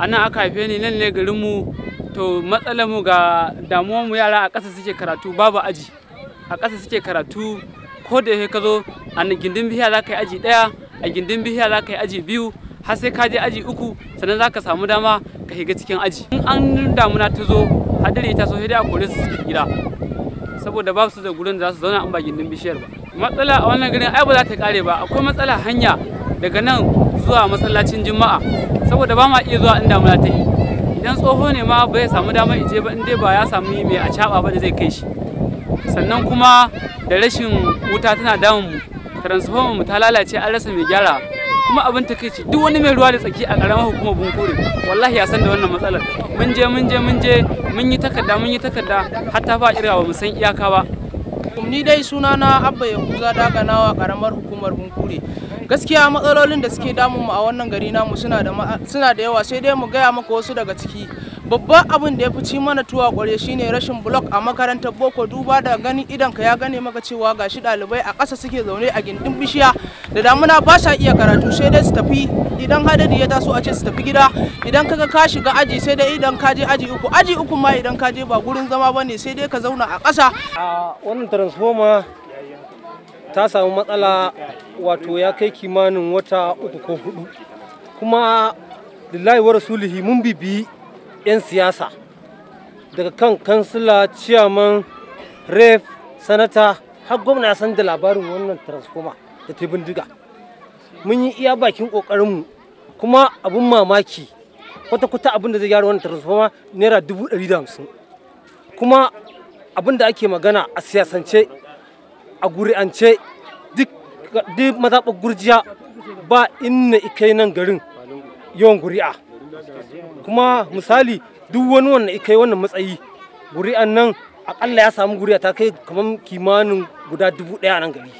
ana aka haife ni nan ne mu to matsalar mu ga damuwar mu yara a ƙasa suke karatu babu aji a ƙasa suke karatu ko da ka zo a gindin bihiya za ka yi aji ɗaya a gindin bihiya za ka yi aji biyu har sai ka je aji uku sannan za ka samu dama ka shiga cikin aji in an damuna ta zo hadari ta so sai a kore su suke gida saboda ba su da gurin da za su zauna an ba gindin bishiyar ba matsala a wannan garin ai ba za ta kare ba akwai matsala hanya daga nan zuwa masallacin juma'a saboda ba ma iya zuwa inda muna ta yi idan tsoho ne ma bai samu damar ije ba in dai ba ya samu mai a caba ba da zai kai shi sannan kuma da rashin wuta tana damun mu transformer mu ta lalace an rasa mai gyara kuma abin ta takeici duk wani mai ruwa da tsaki a karamar hukumar bunkure wallahi ya san da wannan matsalar mun je mun je mun je mun yi takarda mun yi takarda har ta fa kirga ba mu san iyaka ba Uhm, ni dai suna na abba yahuza nawa karamar hukumar bunkure gaskiya matsalolin da suke damun mu a wannan gari namu suna da yawa sai dai mu gaya maka wasu daga ciki babban abin da ya fi ci mana tuwa kware shine rashin blok a makarantar boko duba da ganin idan ka ya gane maka cewa ga gashi ɗalibai a kasa suke zaune a gindin bishiya da damuna ba sa iya karatu sai dai su tafi idan hadari ya taso a ce su tafi gida idan kaga ka shiga aji sai dai idan ka je aji uku aji uku ma idan ka je ba gurin zama bane sai dai ka zauna a kasa. a wannan transformer ta samu matsala wato ya kai kimanin wata uku ko hudu kuma lillahi wa rasulihi mun bibiyi 'yan siyasa daga kan kansila ciyaman ref sanata har gwamna ya san da labarin wannan transformer da ta bindiga mun yi iya bakin kokarinmu kuma abun mamaki kwata-kwata abin da zai gyara wannan transformer naira dubu ɗari da hamsin kuma abin da ake magana a siyasance a guri'ance duk mazaɓar gurjiya ba inna ikai nan garin yawan guri'a kuma misali duk wani wanda kai wannan matsayi guri'an nan akalla ya samu guri'a ta kai kamar kimanin guda dubu ɗaya a nan gari